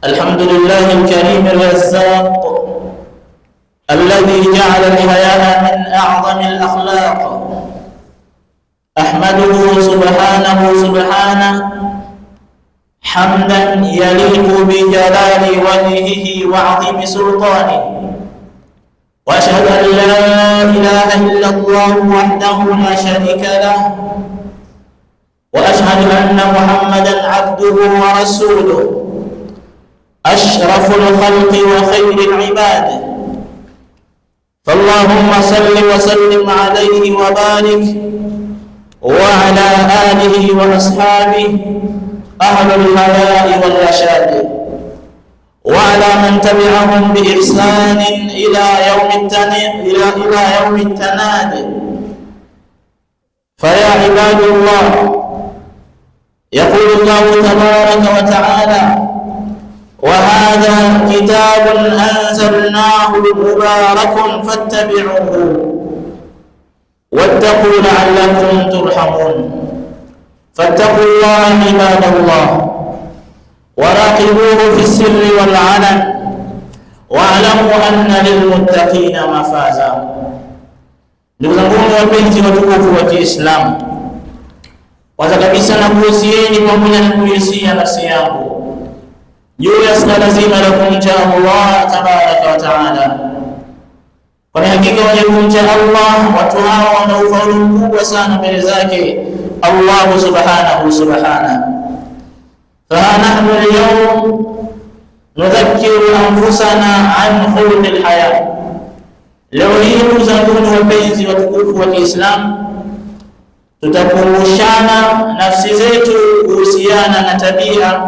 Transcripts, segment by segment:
الحمد لله الكريم الرزاق الذي جعل الحياء من أعظم الأخلاق أحمده سبحانه سبحانه حمدا يليق بجلال وجهه وعظيم سلطانه وأشهد أن لا إله إلا الله وحده لا شريك له وأشهد أن محمدا عبده ورسوله أشرف الخلق وخير العباد فاللهم صل وسلم عليه وبارك وعلى آله وأصحابه أهل الهلاء والرشاد وعلى من تبعهم بإحسان إلى يوم إلى إلى يوم التناد فيا عباد الله يقول الله تبارك وتعالى وهذا كتاب أنزلناه مبارك فاتبعوه واتقوا لعلكم ترحمون فاتقوا الله عباد الله وراقبوه في السر والعلن واعلموا أن للمتقين مفازا ndugu zangu wapenzi watukufu wa Kiislamu, بوسيين kabisa nakuhusieni pamoja Julius na lazima la kumcha Allah tabaraka wa taala. Kwa hakika wenye kumcha Allah watu hao wana ufaulu mkubwa sana mbele zake allahu subhanahu subhana. Fanahnu alyawm nudhakiru anfusana an khuluqi alhaya. Leo hii ndugu zangu wapenzi watukufu wa Kiislamu, tutakumbushana nafsi zetu kuhusiana na tabia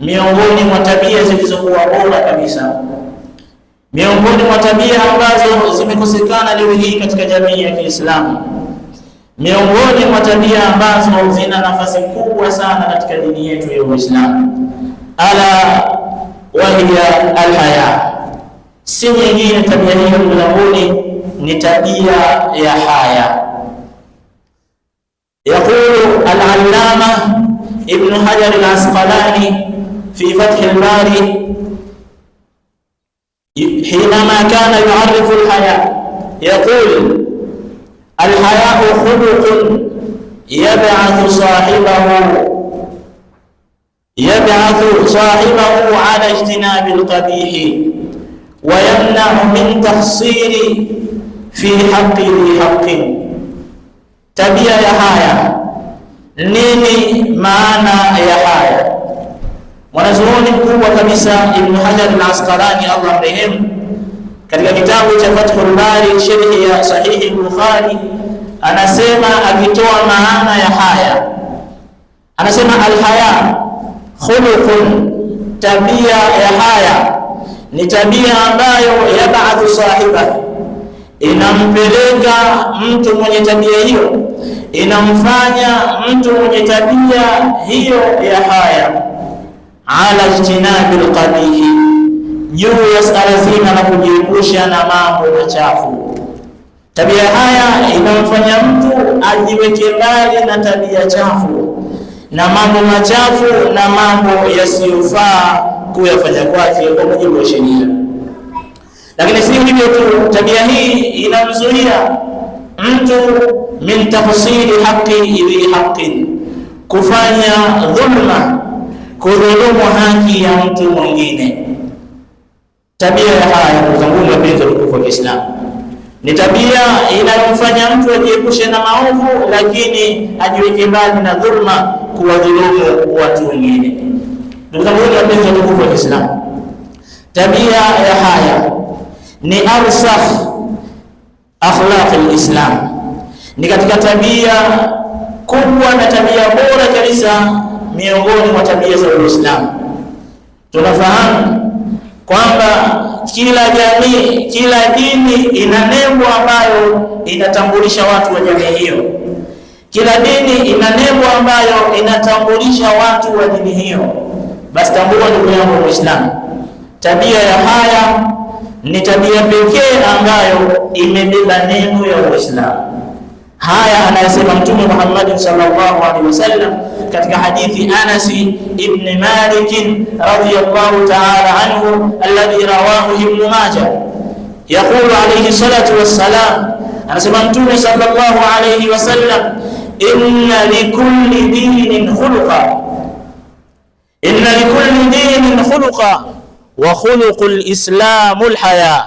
miongoni mwa tabia zilizokuwa bora kabisa, miongoni mwa tabia ambazo zimekosekana leo hii katika jamii ya Kiislamu, miongoni mwa tabia ambazo zina nafasi kubwa sana katika dini yetu ya Uislamu, ala wahiya alhaya, si nyingine tabia hiyo mlanguni ni tabia ya haya. Yaqulu al-allama Ibnu Hajar al-Asqalani في فتح الباري حينما كان يعرف الحياء يقول الحياء خلق يبعث صاحبه يبعث صاحبه على اجتناب القبيح ويمنع من تحصيل في حق ذي حق تبيا يا حياة نيني maana يا حياة Mwanazuoni mkubwa kabisa Ibn Hajar al-Asqalani Allah mrehemu, katika kitabu cha Fathul Bari sherhi ya sahihi Bukhari, anasema akitoa maana ya haya, anasema alhaya khuluqun, tabia ya haya ni tabia ambayo yabathu sahiba, inampeleka mtu mwenye tabia hiyo, inamfanya mtu mwenye tabia hiyo ya haya ala ijtinabi lqabihi, juu ya sala zima na kujiepusha na mambo machafu. Tabia haya inamfanya mtu ajiweke mbali na tabia chafu na mambo machafu na mambo yasiyofaa kuyafanya kwake kwa mujibu wa sheria. Lakini si hivyo tu, tabia hii inamzuia mtu min tafsiri haqi ili haqi, kufanya dhulma kudhulumu haki ya mtu mwingine. Tabia ya haya kuzungumza wapenzi watukufu wa Kiislamu, ni tabia inayomfanya mtu ajiepushe na maovu, lakini ajiweke mbali na dhulma, kuwadhulumu watu wengine. Ndugu zangu, wapenzi watukufu wa Kiislamu, tabia ya haya ni arsakh akhlaq alislam, ni katika tabia kubwa na tabia bora kabisa miongoni mwa tabia za Uislamu. Tunafahamu kwamba kila jamii, kila dini ina nembo ambayo inatambulisha watu wa jamii hiyo. Kila dini ina nembo ambayo inatambulisha watu wa dini hiyo. Basi tambua, ndugu yangu Muislamu, tabia ya haya ni tabia pekee ambayo imebeba nembo ya Uislamu. Haya anayosema Mtume Muhammad sallallahu alaihi wasallam katika hadithi Anas ibn Malik radhiyallahu ta'ala anhu alladhi rawahu Ibn Majah, yaqulu alayhi salatu wassalam, anasema Mtume sallallahu alaihi wasallam, inna likulli dinin khuluqa, inna likulli dinin khuluqa wa khuluqul islamu alhaya,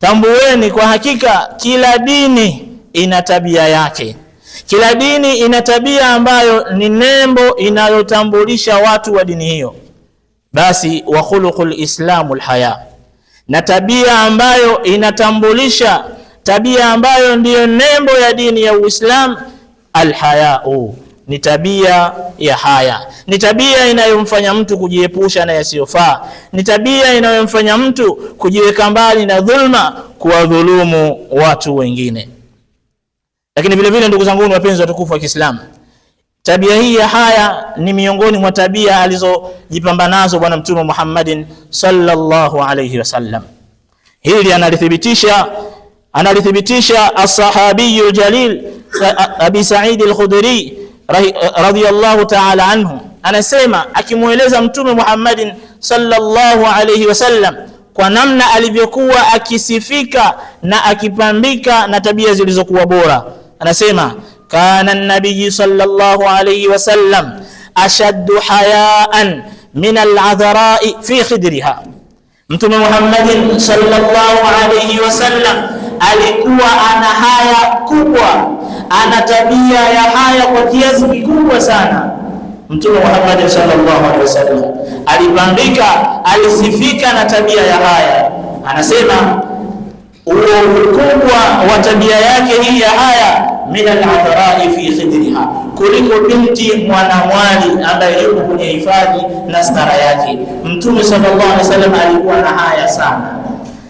tambueni kwa hakika kila dini ina tabia yake. Kila dini ina tabia ambayo ni nembo inayotambulisha watu wa dini hiyo. Basi wa khuluqul islamul haya, na tabia ambayo inatambulisha tabia ambayo ndiyo nembo ya dini ya Uislamu, alhayau ni tabia ya haya, ni tabia inayomfanya mtu kujiepusha na yasiyofaa, ni tabia inayomfanya mtu kujiweka mbali na dhulma, kuwadhulumu watu wengine. Lakini vile vile ndugu zangu wapenzi wa tukufu wa Kiislamu, tabia hii ya haya ni miongoni mwa tabia alizojipamba nazo Bwana Mtume Muhammadin sallallahu alayhi wasallam. Hili analithibitisha analithibitisha as al-jalil Abi Sa'id al-Khudri radhiyallahu ta'ala anhu, anasema akimweleza Mtume Muhammadin sallallahu alayhi wasallam kwa namna alivyokuwa akisifika na akipambika na tabia zilizokuwa bora anasema kana nabii sallallahu alayhi wasallam ashaddu hayaan min aladharai fi khidriha, Mtume Muhammadin sallallahu alayhi wasallam alikuwa ana haya kubwa, ana tabia ya haya kwa kiasi kikubwa sana. Mtume Muhammadin sallallahu alayhi wasallam alipambika, alisifika na tabia ya haya, anasema huo ukubwa wa tabia yake hii ya haya, min aladharai fi sidriha, kuliko binti mwanamwali ambaye yuko kwenye hifadhi na stara yake. Mtume sallallahu alaihi wasallam alikuwa na haya sana.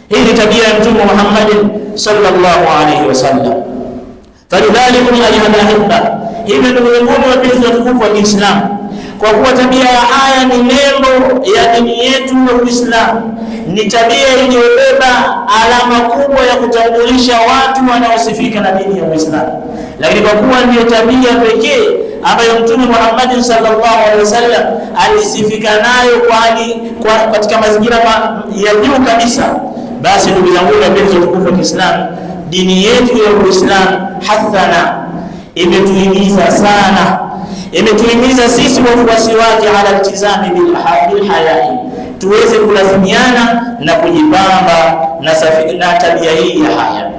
Hii ni tabia ya Mtume Muhammadin sallallahu alaihi wasallam. Falidhalikum ayuha alahibba, hivyo ndugu zangu wapenzi watukufu wa Kiislamu kwa kuwa tabia ya haya ni nembo ya dini yetu ya Uislamu, ni tabia iliyobeba alama kubwa ya kutambulisha watu wanaosifika na dini ya Uislamu. Lakini kwa kuwa ndiyo tabia pekee ambayo Mtume Muhammad sallallahu alaihi wasallam alisifika nayo kwa katika mazingira ya juu kabisa, basi ndugu zangu za utukufu wa Kiislamu, dini yetu ya Uislamu hathana imetuhimiza sana imetuhimiza sisi wafuasi wake ala ltizami bilhayai, tuweze kulazimiana na kujipamba na, na tabia hii ya haya.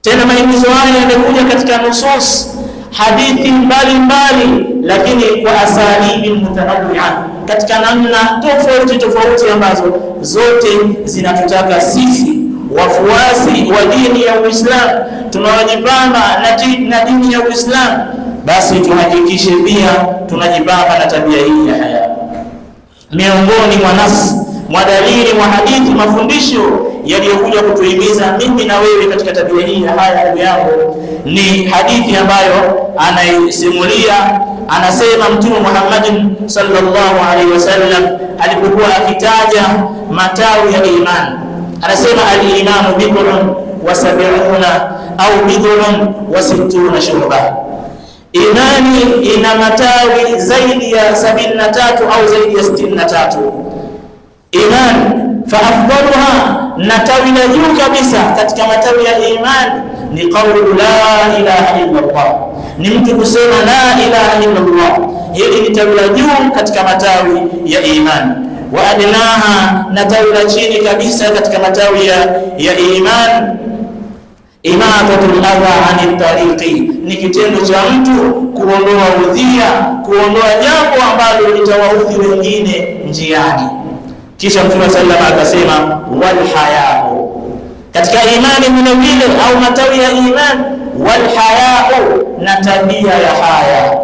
Tena mahimizo haya yamekuja katika nusus hadithi mbalimbali, lakini kwa asalibi mutanawia, katika namna tofauti tofauti ambazo zote zinatutaka sisi wafuasi wa dini ya Uislamu tunawajipamba na dini ya Uislamu basi tuhakikishe pia tunajipamba na tabia hii ya haya. Miongoni mwa nafsi mwa dalili mwa hadithi, mafundisho yaliyokuja kutuhimiza mimi na wewe katika tabia hii ya haya, ndugu yangu, ni hadithi ambayo anaisimulia anasema Mtume Muhammad sallallahu alaihi wasallam alipokuwa akitaja matawi ya imani, anasema al-imanu bidhun wa sab'una au bidhun wa sittuna shu'ba imani ina matawi zaidi ya sabini na tatu au zaidi ya sitini na tatu iman Fa afdaluha, na tawi la juu kabisa katika matawi ya iman ni qaulu la ilaha illa Allah, ni mtu kusema la ilaha illa Allah. Hili ni tawi la juu katika matawi ya iman Wa adnaha, na tawi la chini kabisa katika matawi ya iman Imatatul adha ani tariqi ni kitendo cha mtu kuondoa udhia, kuondoa jambo ambalo litawaudhi wengine njiani. Kisha Mtume sallallahu alayhi wasallam akasema, walhayau katika imani vile vile, au matawi ya iman walhayau na tabia ya haya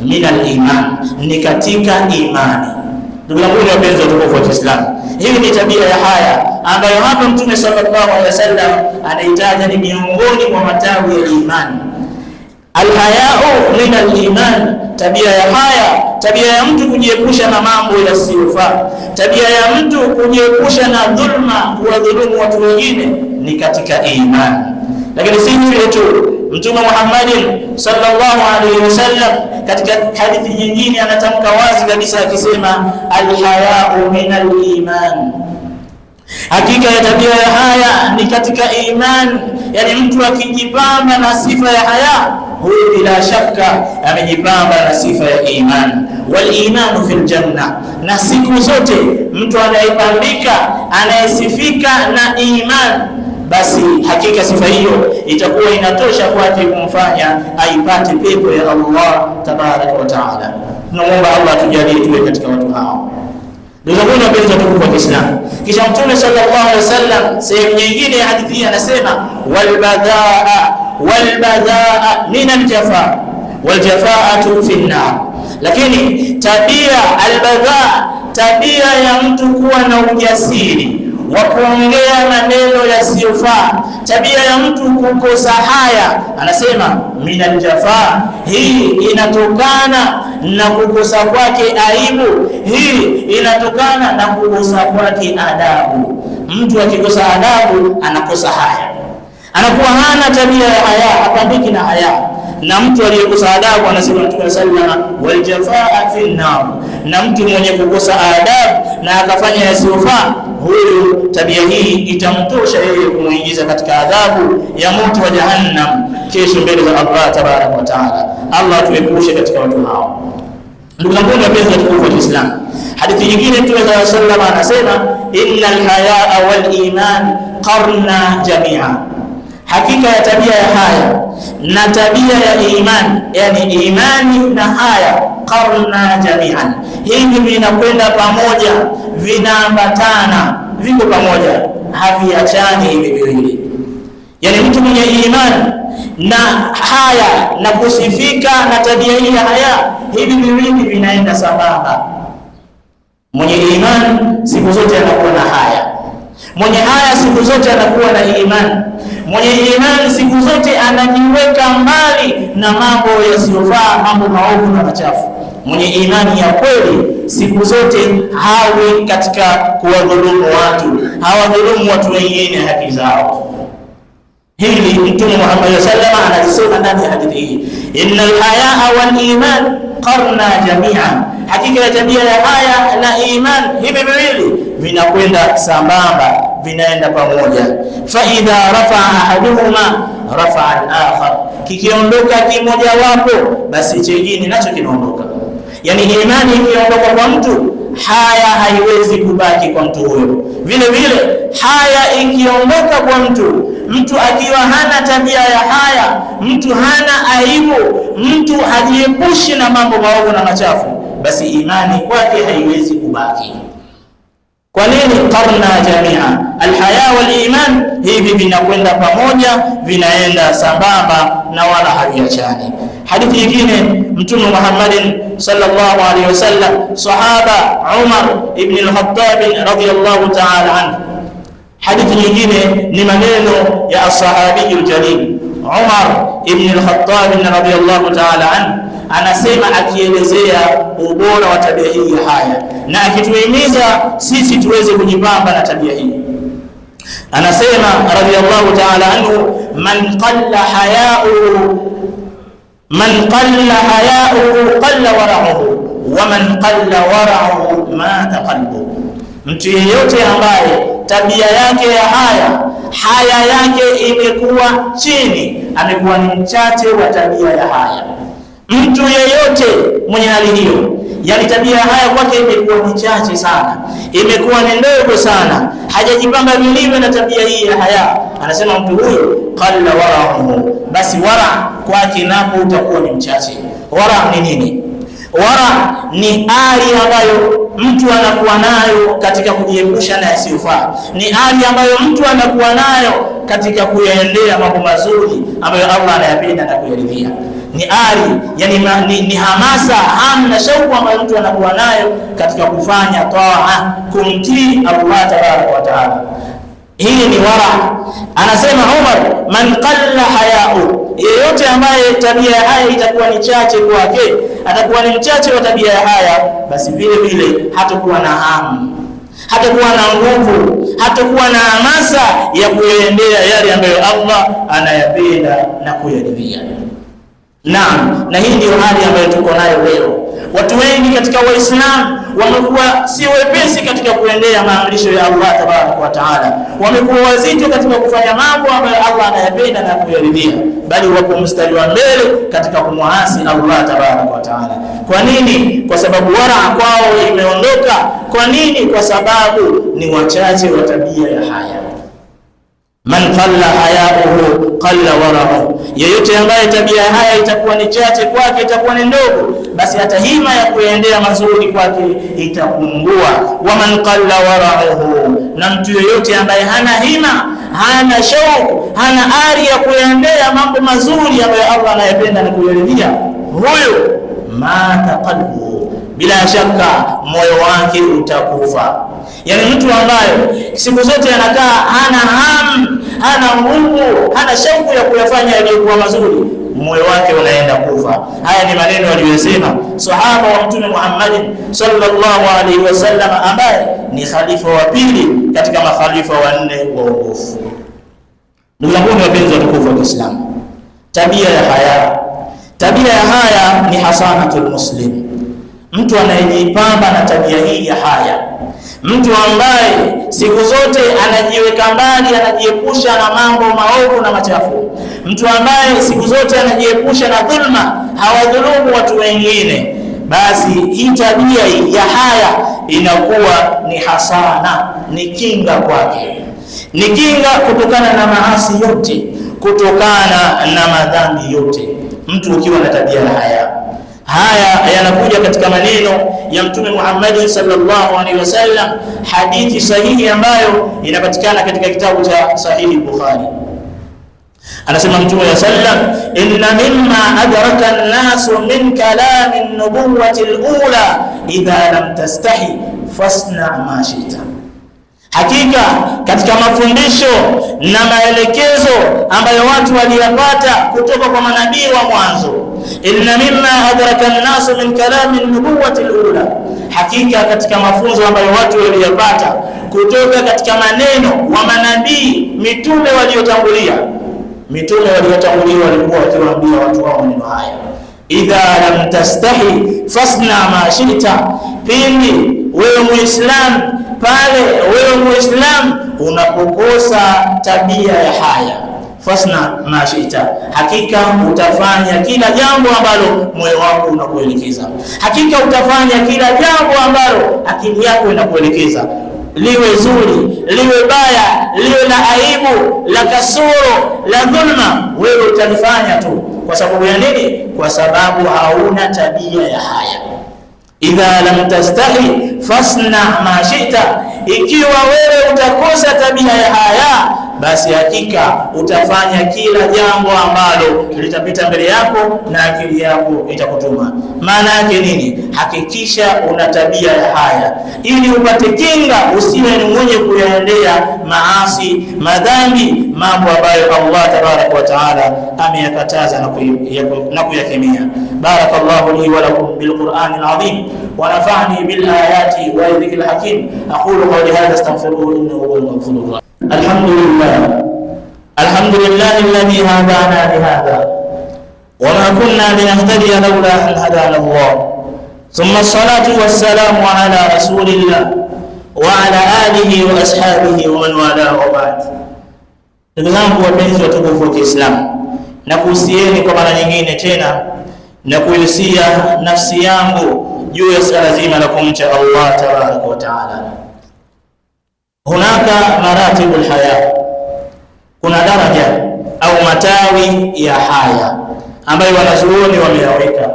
min aliman ni katika imani Ndugu zangu wapenzi wa tukufu wa Kiislamu, hii ni tabia ya haya ambayo hapa Mtume sallallahu alaihi wasallam anaitaja ni miongoni mwa matawi ya imani. Alhayau min aliman, tabia ya haya, tabia ya mtu kujiepusha na mambo yasiyofaa, tabia ya mtu kujiepusha na dhulma, kuwadhulumu watu wengine ni katika imani. Lakini si hivyo tu, Mtume Muhammadin sallallahu alaihi wasallam katika hadithi nyingine anatamka wazi kabisa akisema, alhayau min aliman, hakika ya tabia ya haya ni katika iman. Yani mtu akijipamba na sifa ya haya huyu bila shaka amejipamba na sifa ya iman. Walimanu fi ljanna, na siku zote mtu anayepambika anayesifika na iman basi hakika sifa hiyo itakuwa inatosha kwake kumfanya aipate pepo ya Allah tabaraka wa taala. Tunamuomba Allah tujalie tuwe katika watu hao. Ndugu zangu wapenzi watukufu wa Kiislamu, kisha Mtume sallallahu alaihi wasallam sehemu nyingine ya hadithi hii anasema walbadaa walbadaa min aljafa waljafaatu fi nnar, lakini tabia albadhaa, tabia ya mtu kuwa na ujasiri wa kuongea maneno yasiyofaa, tabia ya mtu kukosa haya. Anasema minal jafaa, hii inatokana na kukosa kwake aibu, hii inatokana na kukosa kwake adabu. Mtu akikosa adabu anakosa haya, anakuwa hana tabia ya haya, hapambiki na haya na mtu aliyekosa adabu, anasema Mtume sallallahu waljafaa fi nar na mtu mwenye kukosa adabu na akafanya yasiyofaa, huyu tabia hii itamtosha yeye kumuingiza katika adhabu ya moto wa Jahannam kesho mbele za Allah tabaraka wa taala. Allah tuepushe katika watu hao. Ndugu zangu wapenzi watukufu wa Islam, hadithi nyingine Mtume sallallahu alaihi wasallam anasema, innal haya wal iman qarna jamia Hakika ya tabia ya haya na tabia ya imani, yani imani na haya karna jamian, hivi vinakwenda pamoja, vinaambatana, viko pamoja, haviachani hivi viwili. Yani mtu mwenye imani na haya na kusifika na tabia hii ya haya, hivi viwili vinaenda sambamba. Mwenye imani siku zote anakuwa na haya, mwenye haya siku zote anakuwa na imani Mwenye imani siku zote anajiweka mbali na mambo yasiyofaa, mambo maovu na machafu. Mwenye imani ya kweli siku zote hawe katika kuwadhulumu watu, hawadhulumu watu wengine haki zao. Hili Mtume Muhammad sallallahu alaihi wasallam ndani ya hadithi hii, innal hayaa wal iman qarna jami'an, hakika ya tabia ya haya na iman hivi viwili vinakwenda sambamba vinaenda pamoja. fa idha rafaa ahaduhuma rafaa al-akhar, kikiondoka kimojawapo basi chengine nacho kinaondoka. Yani imani ikiondoka kwa mtu, haya haiwezi kubaki kwa mtu huyo. Vile vile haya ikiondoka kwa mtu, mtu akiwa hana tabia ya haya, mtu hana aibu, mtu hajiepushi na mambo maovu na machafu, basi imani kwake haiwezi kubaki. Kwa nini qarna jamia alhaya wal hivi vinakwenda pamoja, vinaenda sambamba na wala haviachani. Hadithi nyingine, Mtume Muhammadin sallallahu alaihi wasallam, sahaba Umar ibn al-Khattab radhiyallahu ta'ala anhu. Hadithi nyingine ni maneno ya asahabiyu jalil Umar ibn al-Khattab radhiyallahu ta'ala anhu anasema akielezea ubora wa tabia hii ya haya na akituhimiza sisi tuweze kujipamba na tabia hii. Anasema radhiallahu ta'ala anhu, man qalla hayauhu man qalla hayauhu qalla warauhu wa man qalla warauhu mata qalbuhu, mtu yeyote ambaye tabia yake ya haya haya yake imekuwa chini, amekuwa ni mchache wa tabia ya haya Mtu yeyote mwenye hali hiyo, yani tabia haya kwake imekuwa ni chache sana, imekuwa ni ndogo sana, hajajipanga vilivyo na tabia hii ya haya, anasema mtu huyo qalla wara'uhu, basi wara kwake napo utakuwa ni mchache. Wara ni nini? wara ni hali ambayo mtu anakuwa nayo katika kujiepusha na yasiyofaa, ni hali ambayo mtu anakuwa nayo katika kuyaendea mambo mazuri ambayo Allah anayapenda na kuyaridhia. Ni ari yani ma, ni, ni hamasa hamu na shauku ambayo mtu anakuwa nayo katika kufanya taa, kumtii Allah tabaraka wa taala. Hii ni wara. Anasema Umar, man qalla hayau, yeyote ambaye tabia haya itakuwa ni chache kwake atakuwa ni mchache wa tabia ya haya, basi vile vile hatakuwa na hamu, hatakuwa na nguvu, hatakuwa na hamasa ya kuyaendea yale ambayo Allah anayapenda na kuyadilia. Naam, na hii ndiyo hali ambayo tuko nayo leo. Watu wengi katika Waislamu wamekuwa si wepesi katika kuendea maamrisho ya Allah tabaraka wa taala, wamekuwa wazito katika kufanya mambo ambayo Allah anayapenda na kuyaridhia, bali wako mstari wa mbele katika kumwasi Allah tabaraka wa taala. Kwa nini? Kwa sababu waraa kwao imeondoka. Kwa nini? Kwa sababu ni wachache wa tabia ya haya Man qalla hayauhu qalla wara'u, yeyote ambaye tabia haya itakuwa ni chache kwake, itakuwa ni ndogo, basi hata hima ya kuendea mazuri kwake itapungua. Wa man qalla wara'uhu, na mtu yeyote ambaye hana hima, hana shauku, hana ari ya kuendea mambo mazuri ambayo Allah anayependa na kuyaridhia, huyo mata qalbuhu, bila shaka moyo wake utakufa yani mtu ambayo siku zote anakaa hana hamu, hana nguvu, hana shauku ya kuyafanya yaliyokuwa mazuri, moyo wake unaenda kufa. Haya ni maneno aliyosema sahaba wa Mtume Muhammad sallallahu alaihi wasallam, ambaye ni khalifa wa pili katika makhalifa wanne wa uongofu. Ndugu zangu ni wapenzi wa tukufu wa Kiislamu, tabia ya haya, tabia ya haya ni hasanatul muslim, mtu anayejipamba na tabia hii ya haya Mtu ambaye siku zote anajiweka mbali, anajiepusha na mambo maovu na machafu, mtu ambaye siku zote anajiepusha na dhulma, hawadhulumu watu wengine, basi hii tabia ya haya inakuwa ni hasana, ni kinga kwake, ni kinga kutokana na maasi yote, kutokana na madhambi yote. Mtu ukiwa na tabia ya haya Haya yanakuja katika maneno ya Mtume Muhammad sallallahu alaihi wasallam, hadithi sahihi ambayo inapatikana katika kitabu cha Sahihi Bukhari. Anasema Mtume wa sallam, inna mimma adraka an-nasu min kalami an-nubuwati al-ula idha lam tastahi fasna ma shita Hakika katika mafundisho na maelekezo ambayo watu waliyapata kutoka kwa manabii wa mwanzo inna mimma adraka an-nas min kalami an-nubuwati al-ula, hakika katika mafunzo ambayo watu waliyapata kutoka katika maneno wa manabii mitume waliotangulia. Mitume waliotangulia walikuwa wakiwaambia watu wao maneno haya, idha lam tastahi fasna ma shita, pindi wewe muislam pale wewe muislam unapokosa tabia ya haya fasna ma hakika utafanya kila jambo ambalo moyo wako unakuelekeza. Hakika utafanya kila jambo ambalo akili yako inakuelekeza, liwe zuri, liwe baya, liwe la aibu, la kasoro, la dhulma, wewe utalifanya tu. Kwa sababu ya nini? Kwa sababu hauna tabia ya haya. Idha lam tastahi fasna ma ikiwa wewe utakosa tabia ya haya basi hakika utafanya kila jambo ambalo litapita mbele yako na akili yako itakutuma. Maana yake nini? Hakikisha una tabia ya haya ili upate kinga, usiwe ni mwenye kuyaendea maasi, madhambi, mambo ambayo Allah tabaraka wa taala ameyakataza na kuyakemea. Barakallahu li wa lakum bil Qur'anil azim wa nafa'ani bil ayati wa dhikril hakim aqulu qawli hadha astaghfiruhu innahu huwal ghafurur rahim Alhamdulillah, alhamdulillahi alladhi hadana lihadha wama kunna linahtadiya laula an hadana Allah thumma salatu wassalamu ala rasulillah wa ala alihi wa ashabihi wa man wala wa ba'd. Ndugu zangu wapenzi watukufu wa Kiislamu, nakuhusieni kwa mara nyingine tena na kuilisia nafsi yangu juu ya swala zima la kumcha Allah tabaraka wa taala hunaka maratibu lhaya, kuna daraja au matawi ya haya ambayo wanazuoni wameyaweka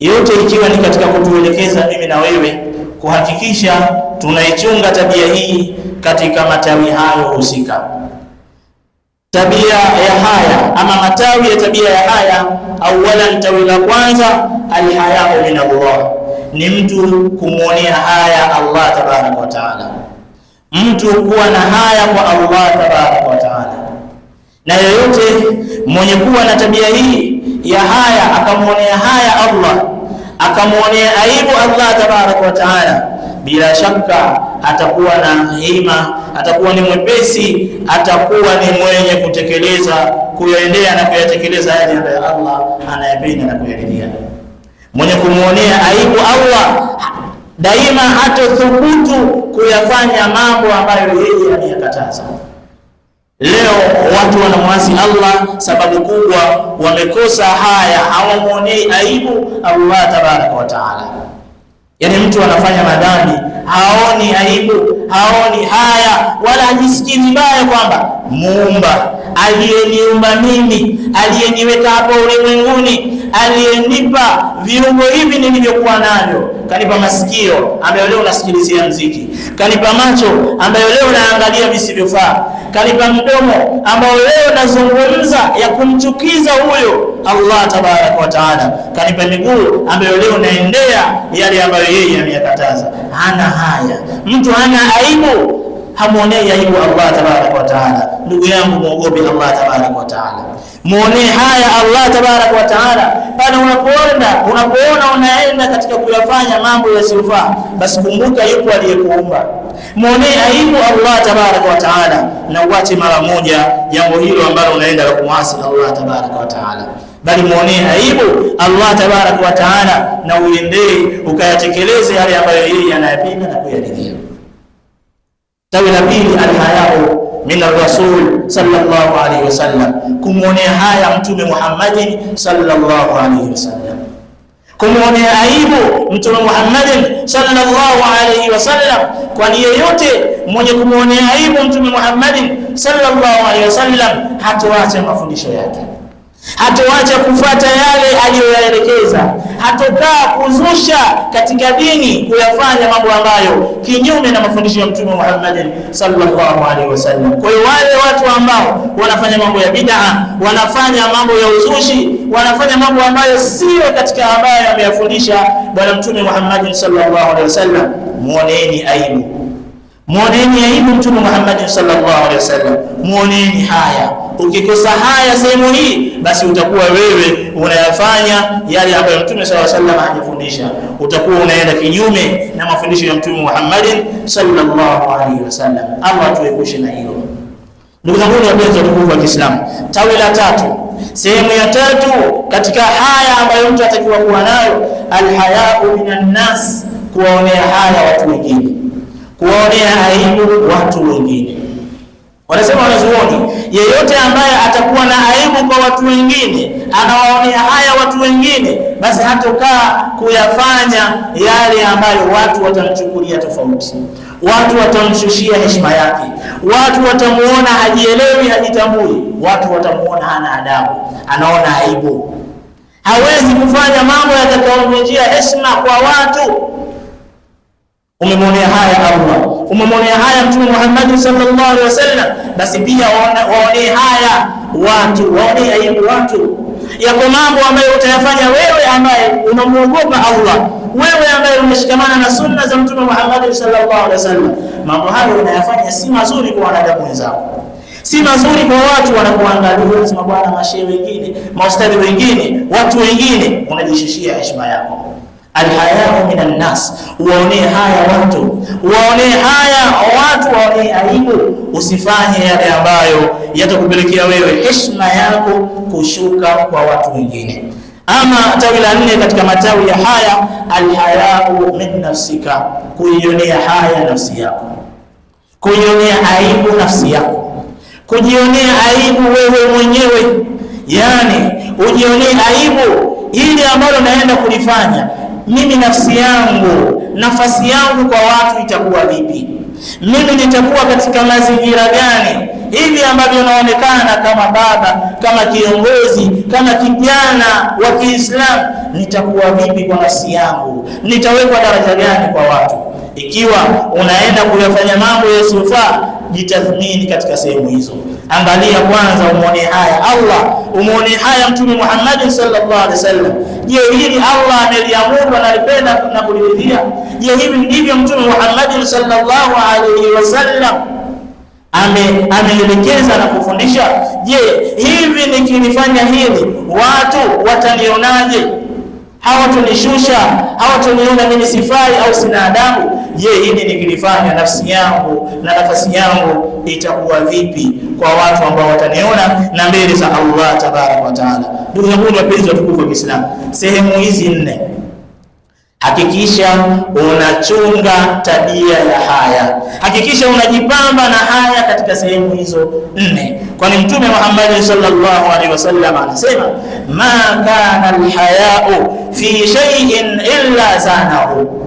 yote, ikiwa ni katika kutuelekeza mimi na wewe kuhakikisha tunaichunga tabia hii katika matawi hayo husika. Tabia ya haya ama matawi ya tabia ya haya, ni tawi la kwanza, alhayau min Allah ni mtu kumwonea haya Allah tabaraka wa taala, mtu kuwa na haya kwa Allah tabaraka wa taala. Na yeyote mwenye kuwa na tabia hii ya haya, akamwonea haya Allah, akamwonea aibu Allah tabaraka wa taala, bila shaka atakuwa na hima, atakuwa ni mwepesi, atakuwa ni mwenye kutekeleza, kuyaendea na kuyatekeleza yale ambayo Allah anayapenda na kuyaridhia mwenye kumwonea aibu Allah daima hatothubutu kuyafanya mambo ambayo yeye aliyakataza. Leo watu wanamwasi Allah, sababu kubwa wamekosa haya, hawamwonei aibu Allah tabaraka wa taala. Yani mtu anafanya madhambi, haoni aibu, haoni haya, wala hajisikii vibaya kwamba muumba aliyeniumba mimi, aliyeniweka hapa ulimwenguni aliyenipa viungo hivi nilivyokuwa navyo, kanipa masikio ambayo leo nasikilizia mziki, kanipa macho ambayo leo naangalia visivyofaa, kanipa mdomo ambayo leo nazungumza ya kumchukiza huyo Allah tabaraka wa taala, kanipa miguu ambayo leo naendea yale ambayo yeye ameyakataza. Hana haya mtu, hana aibu hamuonei aibu Allah tabaraka wa taala. Ndugu yangu, muogope Allah tabaraka wa taala, muonee haya Allah tabaraka wa taala. Pale unapoona unapoona unaenda katika kuyafanya mambo yasiyofaa, basi kumbuka yupo aliyekuumba. Muonee aibu Allah tabaraka wa taala, na uache mara moja jambo hilo ambalo unaenda la kumwasi Allah tabaraka wa taala bali muone aibu Allah tabaraka wa taala na uendee ukayatekeleze yale ambayo yeye anayapenda na kuyaridhia. Tawi la pili, alhayau min ar-rasul sallallahu alayhi wasallam, kumwonea haya Mtume Muhammadin sallallahu alayhi wasallam, kumwonea aibu Mtume Muhammadin sallallahu alayhi wasallam, kwani yeyote mwenye kumwonea aibu Mtume Muhammadin sallallahu alayhi wasallam hatoacha mafundisho yake hatoacha kufuata yale aliyoyaelekeza, hatokaa kuzusha katika dini kuyafanya mambo ambayo kinyume na mafundisho ya Mtume Muhammad sallallahu alaihi wasallam. Kwa hiyo wale watu ambao wanafanya mambo ya bid'a, wanafanya mambo ya uzushi, wanafanya mambo ambayo sio katika ambayo ameyafundisha Bwana Mtume Muhammad sallallahu alaihi wasallam, muoneni aibu, muoneni aibu Mtume Muhammad sallallahu alaihi wasallam, muoneni haya Ukikosa haya sehemu hii, basi utakuwa wewe unayafanya yale ambayo Mtume sala sallam hajafundisha, utakuwa unaenda kinyume na mafundisho ya Mtume Muhammadin sallallahu alaihi wasallam. Allah tuepushe na hilo. Ndugu zangu wapenzi watukufu wa Kiislamu, tawi la tatu, sehemu ya tatu katika haya ambayo mtu atakiwa kuwa nayo, alhayau minan nas, kuwaonea haya watu wengine, kuwaonea aibu watu wengine Wanasema wanazuoni, yeyote ambaye atakuwa na aibu kwa watu wengine, anawaonea haya watu wengine, basi hatokaa kuyafanya yale ambayo watu watamchukulia tofauti, watu watamshushia heshima yake, watu watamuona hajielewi, hajitambui, watu watamuona hana adabu, anaona aibu, hawezi kufanya mambo yatakayomvunjia heshima kwa watu Umemwonea haya Allah, umemwonea haya Mtume Muhammad sallallahu alaihi wasallam, basi pia waonee haya watu, waonee aibu watu. Yako mambo ambayo utayafanya wewe ambaye unamwogopa Allah, wewe ambaye umeshikamana na sunna za Mtume Muhammad sallallahu alaihi wasallam, mambo hayo unayafanya si mazuri kwa wanadamu wenzao si mazuri kwa watu wanakuangalia, unasema bwana, mashehe wengine, maustadhi wengine, watu wengine, unajishishia heshima yako alhayau min alnas, waonee haya watu, waonee haya watu, waonee aibu. Usifanye yale ambayo yatakupelekea wewe heshima yako kushuka kwa watu wengine. Ama tawi la nne katika matawi ya haya, alhayau min nafsika, kuionea haya nafsi yako, kuionea aibu nafsi yako, kujionea aibu wewe mwenyewe, yani ujionee aibu ili ambalo naenda kulifanya mimi nafsi yangu, nafasi yangu kwa watu itakuwa vipi? Mimi nitakuwa katika mazingira gani? Hivi ambavyo naonekana kama baba, kama kiongozi, kama kijana wa Kiislamu, nitakuwa vipi kwa nafsi yangu? Nitawekwa daraja gani kwa watu? Ikiwa unaenda kuyafanya mambo yasiyofaa, jitathmini katika sehemu hizo. Angalia kwanza, umuone haya Allah, umuone haya Mtume Muhammad sallallahu alaihi wasallam. Je, hili Allah ameliamuru, analipenda na kuliridhia? Je, hivi ndivyo Mtume Muhammad sallallahu alaihi wasallam ameelekeza na kufundisha? Je, hivi nikilifanya hili watu watanionaje? hawatonishusha, hawatoniona mimi sifai au sina adabu. Je, hili nikilifanya nafsi yangu na nafasi yangu itakuwa vipi kwa watu ambao wataniona na mbele za Allah tabaraka wa taala? Ndugu zangu wapenzi watukufu wa Kiislamu, sehemu hizi nne Hakikisha unachunga tabia ya haya, hakikisha unajipamba na haya katika sehemu hizo nne, kwani Mtume Muhammad sallallahu alaihi wasallam anasema ma kana alhayau fi shay'in illa zanahu,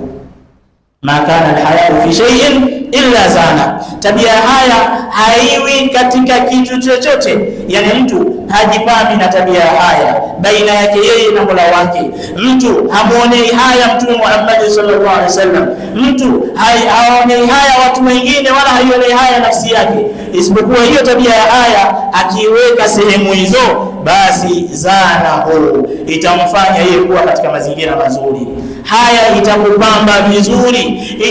ma kana alhayau fi shay'in illa zana. Tabia haya haiwi katika kitu chochote, yani mtu hajipambi na tabia haya baina yake yeye na Mola wake. Mtu hamuonei haya Mtume Muhammad sallallahu alaihi wasallam, mtu haonei haya watu wengine, wala haionei haya nafsi yake, isipokuwa hiyo tabia ya haya akiweka sehemu hizo, basi zana zanahu itamfanya yeye kuwa katika mazingira mazuri. Haya itakupamba vizuri,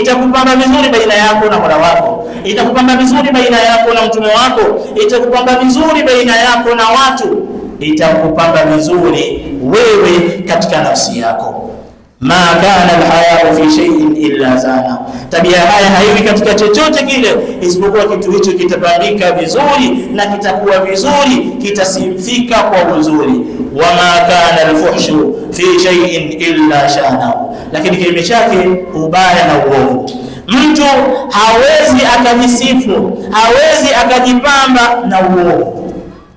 itakupamba vizuri baina yako na Mola wako itakupamba vizuri baina yako na mtume wako, itakupamba vizuri baina yako na watu itakupanga vizuri wewe katika nafsi yako. Ma kana alhayau fi shay'in illa zana, tabia haya haiwi katika chochote kile isipokuwa kitu hicho kitapangika vizuri na kitakuwa vizuri, kitasifika kwa uzuri. wa ma kana alfuhshu fi shay'in illa shanahu, lakini kinyume chake ubaya na uovu mtu hawezi akajisifu, hawezi akajipamba na uovu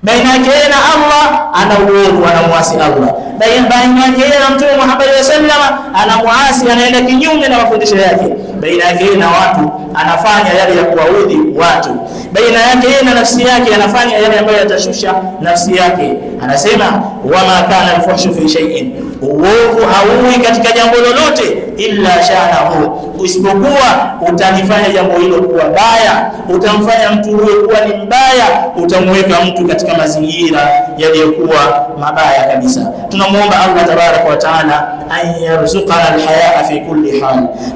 baina yake na Allah ana uovu, anamwasi Allah. Baina yake na Mtume Muhammad sallallahu alaihi wasallam anamuasi, anaenda kinyume na mafundisho yake baina yake yeye na watu, anafanya yale ya kuwaudhi watu, baina yake yeye na nafsi yake, anafanya yale ambayo yatashusha nafsi yake. Anasema wama kana alfahshu fi shay'in, uovu hauwi katika jambo lolote, illa shanahu, usipokuwa utalifanya jambo hilo kuwa baya, utamfanya mtu huyo kuwa ni mbaya, utamweka mtu katika mazingira yaliyokuwa mabaya kabisa. Tunamwomba Allah tabaraka wa taala an yarzuqana alhayaa fi kulli hal